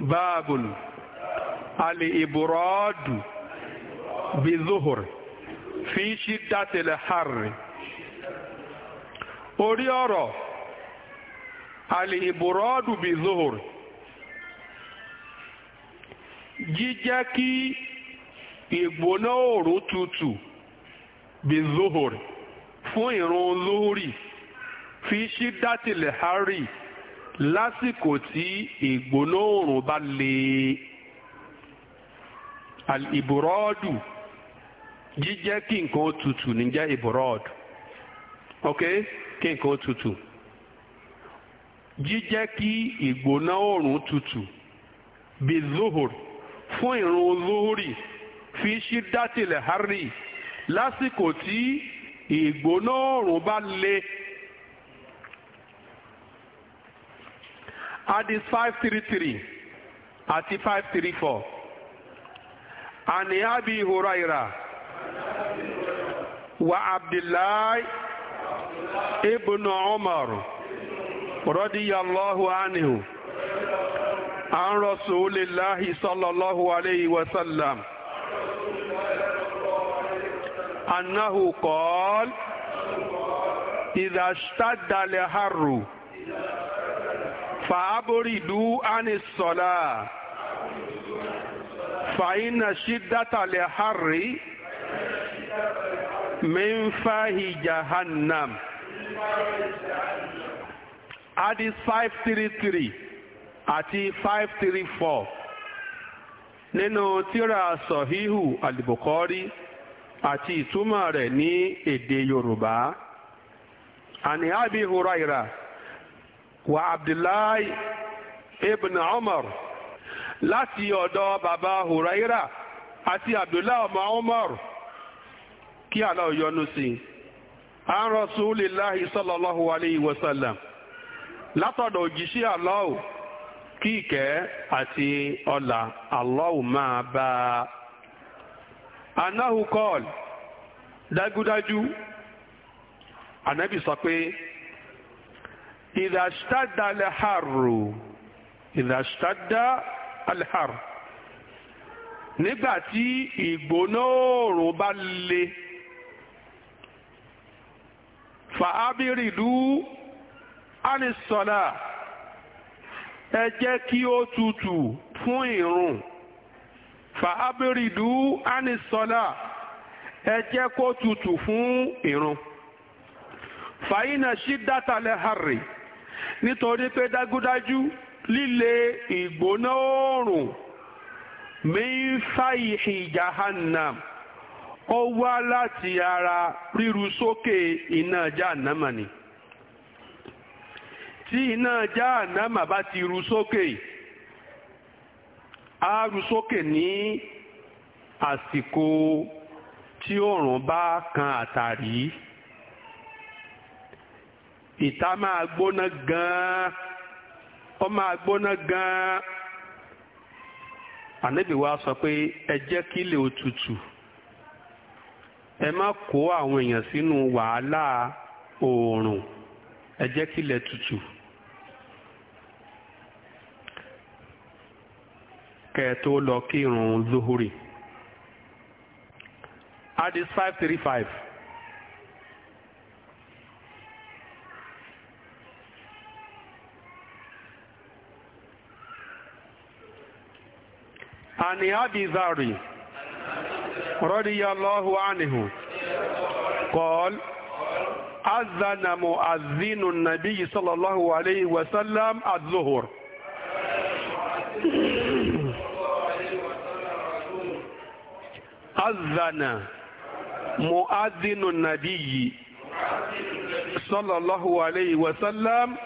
باب الإبراد بظهر في شدة الحر orí ọ̀rọ̀ alìbùrọ́dù bí zohor jíjẹ́ kí ìgbóná òòrù tutù bí zohor fún ìrun lórí fi ṣí dátìlẹ̀ harry lásìkò tí ìgbóná oòrùn bá le ìbòrọ́ọ̀dù jíjẹ́ kí nǹkan tutù níjẹ́ ìbòrọ́ọ̀dù ok kí nǹkan tutù jíjẹ́ kí ìgbóná oòrùn tutù bíi zuhur fún ìrun zuhuri fi ṣí dátìlẹ̀ harry lásìkò tí ìgbóná oòrùn bá le. hadith five three three àti five three four àní abi huraira wa abdullahi ibnu umar radiyallahu anhu an rasulillahi sallallahu alayhi wa sallam annahu qala idha ishtadda al fàábórìlú anisola fàyínà ṣídátàlẹ̀ harri mẹ́fàáhì jahannam adi five three three àti five three four nínú tírà sọ̀híhù àlìbùkọ́rí àti ìtumọ̀ rẹ̀ ní èdè yorùbá àní àbí huraira wa abdullahi ibn umar láti ọ̀dọ̀ bàbá huraira àti abdullahi ọmọ umar kí Allah yọ́nú sí an rasulillahi sallallahu alayhi wa sallam látọ̀dọ̀ òjíṣẹ́ Allah kí ìkẹ́ àti ọlá Allah máa bá anahu kọ́ọ̀lù dájúdájú ànábì sọ pé إذا alẹ́hàrò الحر، إذا nígbà الحر، ìgbóná òòrùn bá le fàábìrìlú anisọ́lá ẹ jẹ́ kí ó tutù fún ìrun fàábìrìlú anisọ́lá ẹ jẹ́ kó tutù fún ìrun fàyínà ṣí dátà lẹ́hàrì. nítorí pé dágúdájú líle ìgbóná oòrùn min fàyè jahannam ó wá láti ara ríru sókè iná jahannama ni tí iná jahannama bá ti ru sókè á ru sókè ní àsìkò tí oòrùn bá kan àtàrí. ìta máa gbóná gan-an ó máa gbóná gan-an ànábì wa sọ pé ẹ jẹ́ kí ilẹ̀ ó tutù ẹ má kó àwọn èèyàn sínú wàhálà oòrùn ẹ jẹ́ kí ilẹ̀ tutù. kẹ́ tó lọ kírun zuhuri. Hadith five three five. عن أبي ذر رضي الله عنه قال أذن مؤذن النبي صلى الله عليه وسلم الظهر أذن مؤذن النبي صلى الله عليه وسلم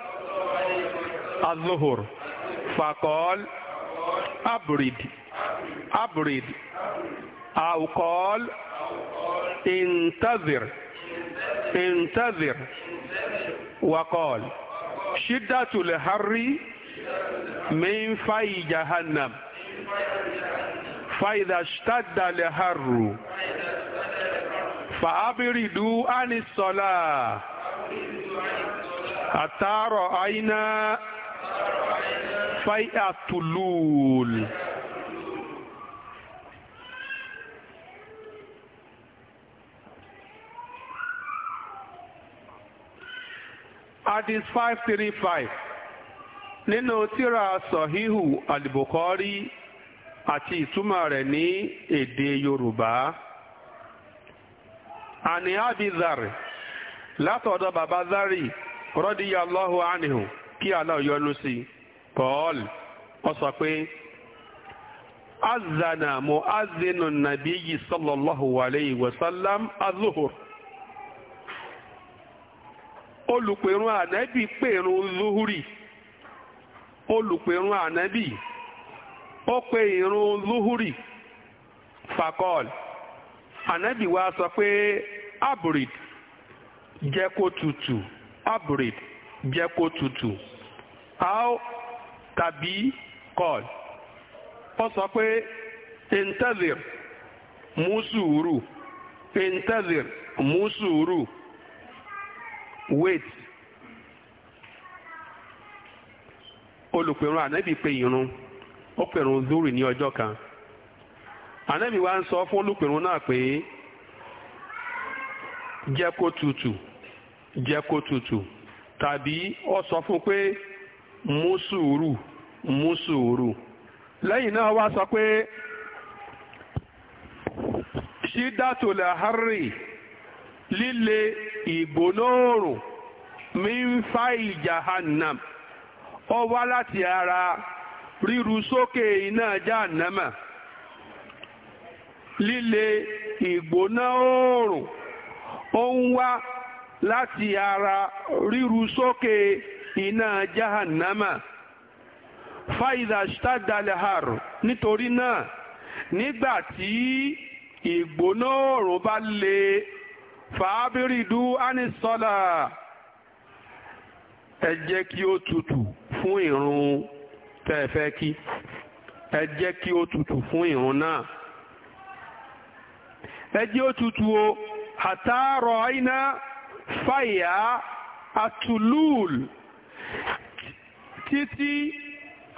الظهر فقال أبرد أبرد أو قال انتظر انتظر وقال شدة الحر من في جهنم فإذا اشتد الحر فأبردوا عن الصلاة حتى رأينا فيئة hadith 535 three five nínú tírà sọ̀híhù àlìbùkọ́rí àti ìtumọ̀ rẹ̀ ní èdè yorùbá àní abizari látọ̀dọ̀ bàbá zari rọ́díyàlọ́hù ànihù kí aláwọ̀ sí paul ó pé azana mu'azinu nabiyyi sallallahu alayhi wa sallam azuhur. azụhụrụ. olùpẹ̀rún ànábì pẹ̀rún zuhuri olùpẹ̀rún ànábì ó pe ìrún sọ pé abrid jẹ́ kó abrid jẹ́ kó tutù tàbí kọ́ọ̀lù ó sọ pé mú sùúrù wait olùpẹ̀rún anabi pe irun ó pẹ̀rún zuri ní ọjọ́ kan ànábì wa ń sọ fún olùpẹ̀rún náà pé jẹ́ kó tutù jẹ́ kó tutù tàbí ó sọ fún pé mú sùúrù mú sùúrù lẹ́yìn náà wá sọ pé ṣídàtòlà harry lile ìgbóná oòrùn min fáì wá láti ara ríru sókè iná ara ríru sókè iná jahannama fáìdà stadalhar nítorí náà nígbà tí le fàábírìdú anisọ́là ẹ jẹ́ kí ó tutù fún ìrun tẹ́ ẹ fẹ́ kí ẹ jẹ́ kí ó tutù fún ìrun náà ẹ ó tutù o àtàárọ̀ iná fàyà àtùlùl títí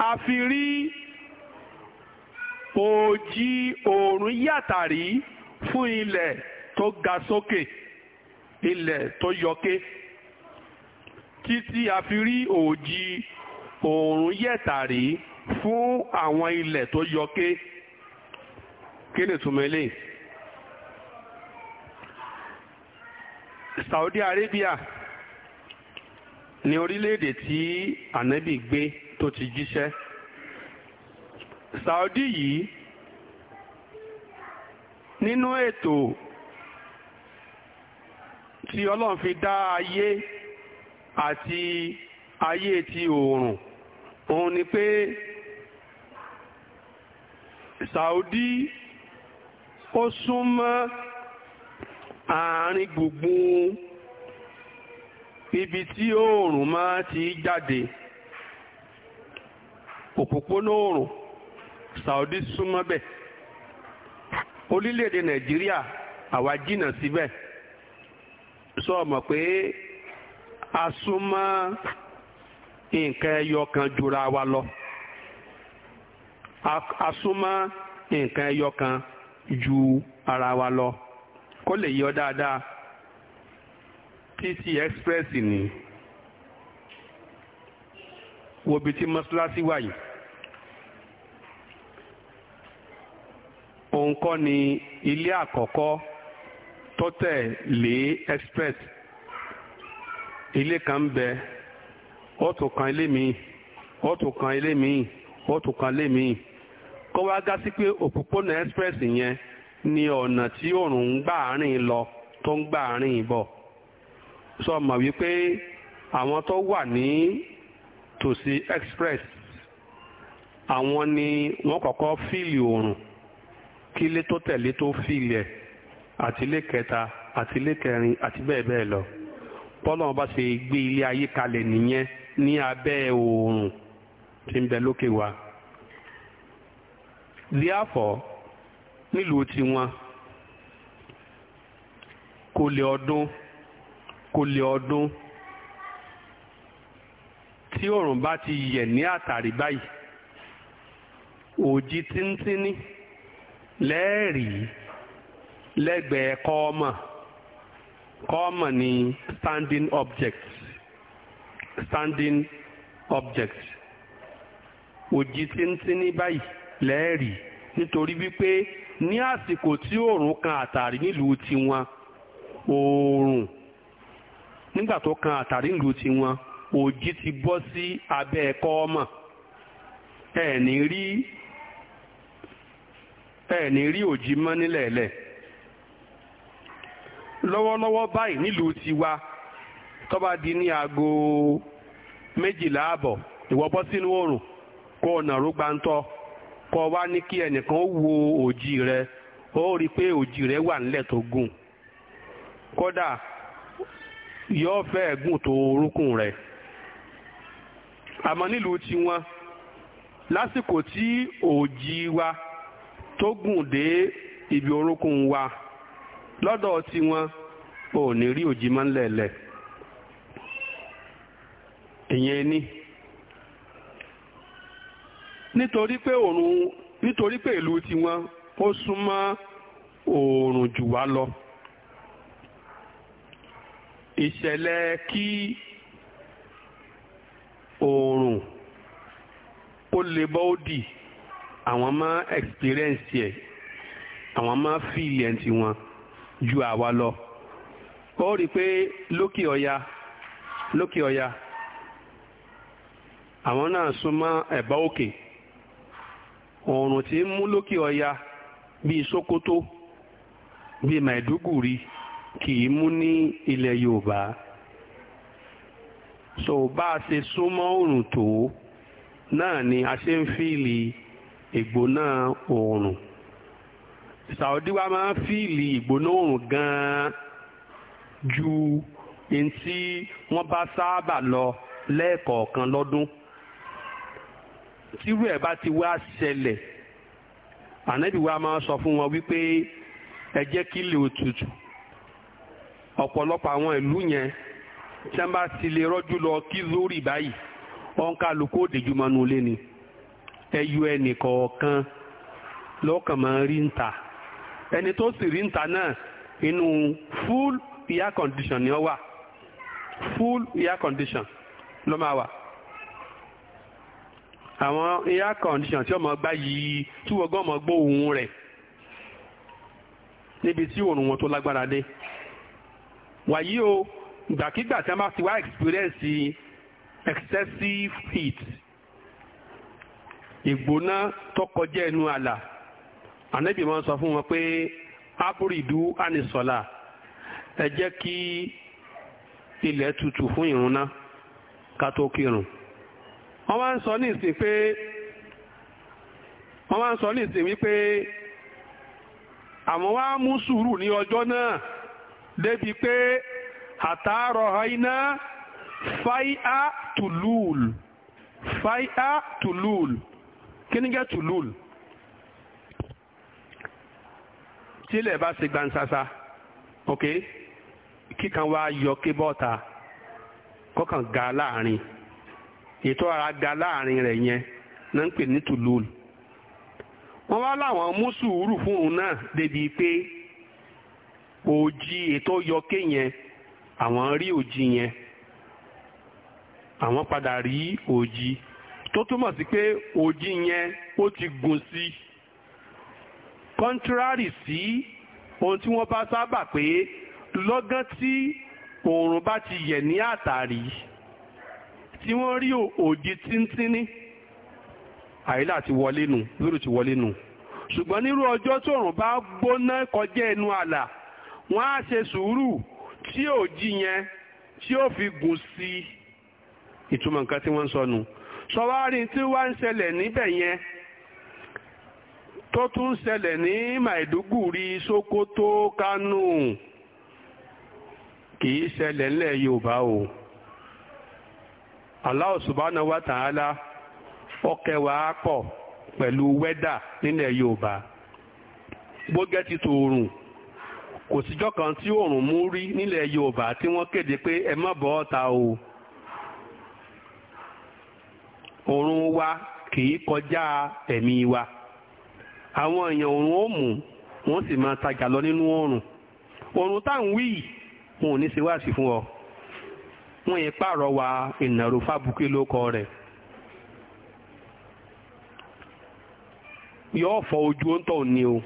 a fi rí òjì oòrùn yàtàrí fún ilẹ̀ tó ga sókè. So ilẹ̀ tó yọké títí a fi rí òòjì oòrùn yẹ̀tàrí fún àwọn ilẹ̀ tó yọké kí ni Saudi Arabia ni orílẹ̀-èdè tí ànábì gbé tó ti jíṣẹ́ Saudi yìí nínú ètò tí ọlọ́run fi dá ayé àti ayé ti oòrùn òun ni pé Saudi ó súnmọ́ àárín gbùngbùn ibi tí oòrùn máa ti jáde òpópónà oòrùn Saudi súnmọ́ bẹ́ẹ̀ orílẹ̀-èdè Nàìjíríà àwa jìnnà síbẹ̀. Si sọ ọmọ pé a súnmọ́ nǹkan ẹyọ ju ara wa lọ kó lè yọ dáadáa pt express ni wo bi tí mọ́ṣáláṣí wà yìí òun ni ilé àkọ́kọ́. tọ́tẹ̀ lé express ilé kan ń bẹ kan ile mi otu kan ile mi otu kan ile mi kó gasi pe sí òpópónà express yẹn ni ọ̀nà ti òòrùn ń gbà lọ tó ń gbà rìn bọ̀ sọ mọ̀ wípé àwọn tó wà ní tòsí express àwọn ni wọn kọ́kọ́ fíìlì òòrùn kí ilé tó tẹ̀lé tó fíìlì ẹ̀ àti ilé kẹta àti ilé kẹrin àti bẹ́ẹ̀ bẹ́ẹ̀ lọ bọ́lá bá ṣe gbé ilé ayé kalẹ̀ nìyẹn ní abẹ́ oòrùn tí ń bẹ lókè wa therefore nílùú tiwọn kò lè ọdún kò lè ọdún tí oòrùn bá ti yẹ̀ ní àtàrí báyìí òjì tíntínní lẹ́ẹ̀rìí lẹ́gbẹ̀ẹ́ kọ́ọ̀mọ̀ kọ́ọ̀mọ̀ ni standing objects standing object òjì tíntín ní báyìí lẹ́ẹ̀rí nítorí wípé ní àsìkò tí oòrùn kan àtàrí nílùú tiwọn oòrùn nígbà tó kan àtàrí nílùú tiwọn òjì ti bọ́ sí abẹ́ kọ́ọ̀mọ̀ ẹ̀ ní rí ẹ̀ ní rí òjì mọ́ nílẹ̀ẹ́lẹ̀ lọ́wọ́lọ́wọ́ báyìí nílùú tiwa tó bá di ní aago méjìlá àbọ̀ ìwọ bọ́ sínú oòrùn kó o nàró gbáǹtọ́ kó o wá ní kí ẹnìkan ó wo òjì rẹ ó rí i pé òjì rẹ wà nílẹ̀ tó gùn kódà yóò fẹ́ gùn tó orúnkún rẹ̀ àmọ́ nílùú tiwọn lásìkò tí òjì wa tó gùn dé ibi orúnkún wa. lọ́dọ̀ tiwọn ò ní rí òjì máa ń lẹ̀lẹ̀ ìyẹn ní nítorí pé òòrùn nítorí pé ìlú tiwọn ó súnmọ́ òòrùn jù wá lọ ìṣẹ̀lẹ̀ kí òòrùn ó lè bọ́ ó dì àwọn máa experience ẹ̀ àwọn máa feel ẹ̀ tiwọn. ju àwa lọ ó rí i pé lókè ọya lókè ọya àwọn náà súnmọ́ ẹ̀bá òkè oòrùn tí ń mú lókè ọya bíi Sókótó bíi Maiduguri kì í mú ní ilẹ̀ Yorùbá so bá a ṣe súnmọ́ oòrùn tó náà ni a ṣe ń fìlì ìgbóná oòrùn. Saudi wa máa ń fíìlì ìgbóná òòrùn gan-an ju ẹni tí wọ́n bá sáábà lọ lẹ́ẹ̀kọ̀ọ̀kan lọ́dún tírú ẹ̀ bá ti wá ṣẹlẹ̀ ànábì wa máa sọ fún wọn wípé ẹ jẹ́ kí lè òtútù ọ̀pọ̀lọpọ̀ àwọn ìlú yẹn tí wọ́n bá ti lè rọ́jú lọ kí lórí báyìí wọ́n ká lóko òdejúmọ́nulé ni ẹyọ ẹnì kọ̀ọ̀kan lọ́kàn máa rí ń ta ẹni tó sì rí níta náà inú full air condition ni ó wà full air condition ló máa wà àwọn air condition tí ọmọ gbá yìí tí wọ́n gán ọmọ gbọ́ ohùn rẹ̀ níbi tí òòrùn wọn tó lágbára dé wàyí o ìgbàkigbà tí wọ́n bá ti wá experience excessive heat ìgbóná tó kọjá ẹnu àlà ànábì máa ń sọ fún wọn pé ábúrìdú ànisọ̀là ẹ jẹ́ kí ilẹ̀ tutù fún ìrun náà ká tó kírun wọ́n wá ń sọ ní ìsìn pé wọ́n wá ń sọ ní ìsìn wípé àwọn wá mú sùúrù ní ọjọ́ náà débi pé àtàárọ̀ iná fáíà tùlùl fáíà tùlùl kí ni jẹ́ tùlùl tílẹ̀ bá ṣe gbansasa ok kíkan wá yọ kébọ́ta kọ́kàn ga láàrin ètò ara ga láàrin rẹ̀ yẹn náà ń pè ní tùlùl wọ́n wá láwọn mú sùúrù fún un náà débi pé òjì ètò yọké yẹn àwọn rí òjì yẹn àwọn padà rí òjì tó túmọ̀ sí pé òjì yẹn ó ti gùn sí i kọ́ńtírárì sí ohun tí wọ́n bá sábà pé lọ́gán tí oòrùn bá ti yẹ̀ ní àtàrí tí wọ́n rí òdì tíntínní àyílà ti wọlé nù lóru ti wọlé nù ṣùgbọ́n nírú ọjọ́ tóòrùn bá gbóná kọjá ẹnu àlà wọ́n á ṣe sùúrù tí òjì yẹn tí ó fi gùn sí ìtumọ̀ nǹkan tí wọ́n ń sọnù sọ wá rí tí wọ́n ń ṣẹlẹ̀ níbẹ̀ yẹn tó tún ṣẹlẹ̀ ní Maiduguri Sokoto Kano kìí ṣẹlẹ̀ ńlẹ̀ Yorùbá o Allah subhanahu wà ta'ala ọkẹwàá pọ̀ pẹ̀lú wẹ́dà nílẹ̀ Yorùbá gbógẹ́ ti tòòrùn kò síjọ́ kan tí òòrùn mú rí nílẹ̀ Yorùbá tí wọ́n kéde pé ẹ bọ́ o òòrùn wa kìí kọjá ẹ̀mí wa. àwọn èèyàn òrùn ó mú wọ́n sì máa tajà lọ nínú òrùn òrùn táwọn wí wọn ò ní ṣe wáàsí fún ọ wọn yẹn pààrọ̀ wa ìnàró fábùkì ló kọ rẹ̀ yóò fọ ojú ó ń tọ̀ ní o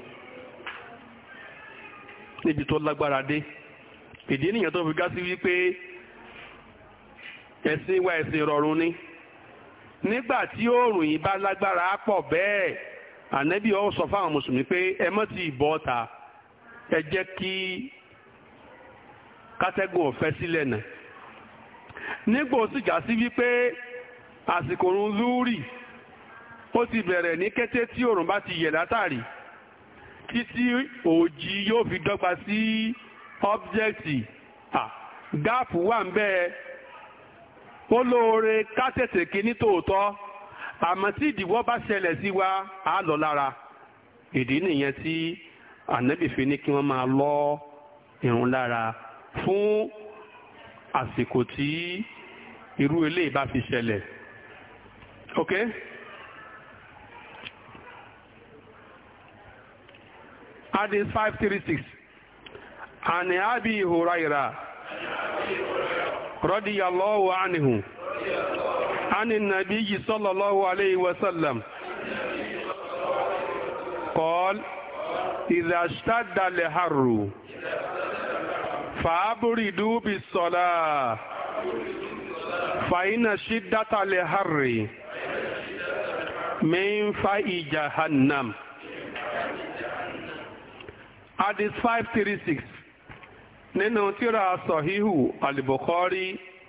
níbi tó lágbára dé ìdí nìyẹn tó fi gá sí wípé ẹ̀sìn wa ẹ̀sìn rọrùn ni nígbà tí oòrùn yìí bá lágbára pọ̀ bẹ́ẹ̀ anebi ọ sọ fáwọn mùsùlùmí pé ti ìbọ̀ ọ̀ta ẹ jẹ́ kí kátẹ́gùn ọ̀fẹ́ sílẹ̀ nígbò sì wípé àsìkò ó ti bẹ̀rẹ̀ ní kété fi dọ́gba sí ọ́bjẹ́kìtì gáàpù wà ń bẹ́ẹ̀ ó lóore àmọ́ tí ìdíwọ́ bá ṣẹlẹ̀ sí wa á lọ lára ìdí nìyẹn tí ànábì fi ní kí wọ́n máa lọ irun lára fún àsìkò tí irú eléyìí bá fi ṣẹlẹ̀ ok. Hadith 536 عن أبي هريرة رضي الله عن النبي صلى الله عليه وسلم قال إذا اشتد الحر فأبردوا بالصلاة فإن شدة الحر من في جهنم Hadith 536 nínú tírà Sọ̀híhù al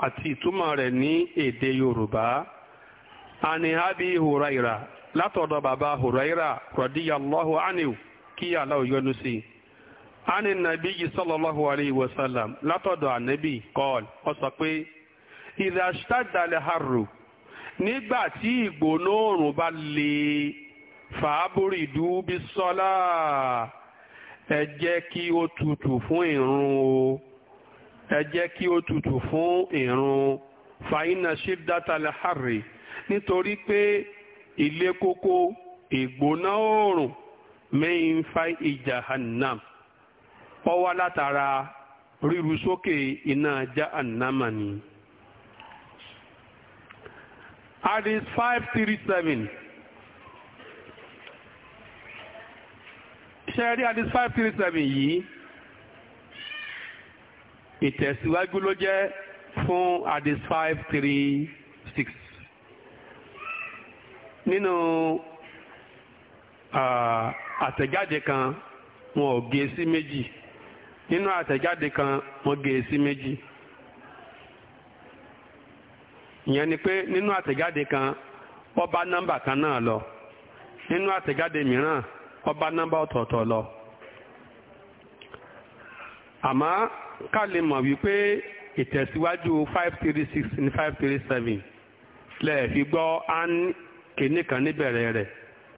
àti ìtumọ̀ rẹ̀ ní èdè yorùbá a abi huraira látọ̀dọ̀ bàbá huraira kí sí látọ̀dọ̀ anabi kọ́ọ̀l ó sọ pé idha ishtadda al nígbà tí ìgbóná oòrùn bá le fàábùrì dúbí sọ́lá ẹ jẹ́ kí ó tutù fún ìrun o. ẹ jẹ́ kí ó tutù fún ìrun fàyínà ṣídátàlẹ̀ hàrì nítorí pé ilé kókó ìgbóná oòrùn mẹ́yìn fa ìjà hannam ó wá látara ríru sókè iná jahannama ni. Hadith five ṣe rí hadith five yìí ìtẹ̀síwájú ló jẹ́ fún hadith five three six nínú àtẹ̀jáde kan wọn ò gé sí méjì nínú àtẹ̀jáde kan wọ́n gé sí méjì ìyẹn ni pé nínú àtẹ̀jáde kan wọ́n bá nọ́mbà kan náà lọ nínú àtẹ̀jáde mìíràn wọ́n bá nọ́mbà ọ̀tọ̀ọ̀tọ̀ lọ àmọ́ ká lè mọ̀ wípé ìtẹ̀síwájú five three six ní five three seven lẹ́ẹ̀ fi gbọ́ án kìíní kan níbẹ̀rẹ̀ rẹ̀.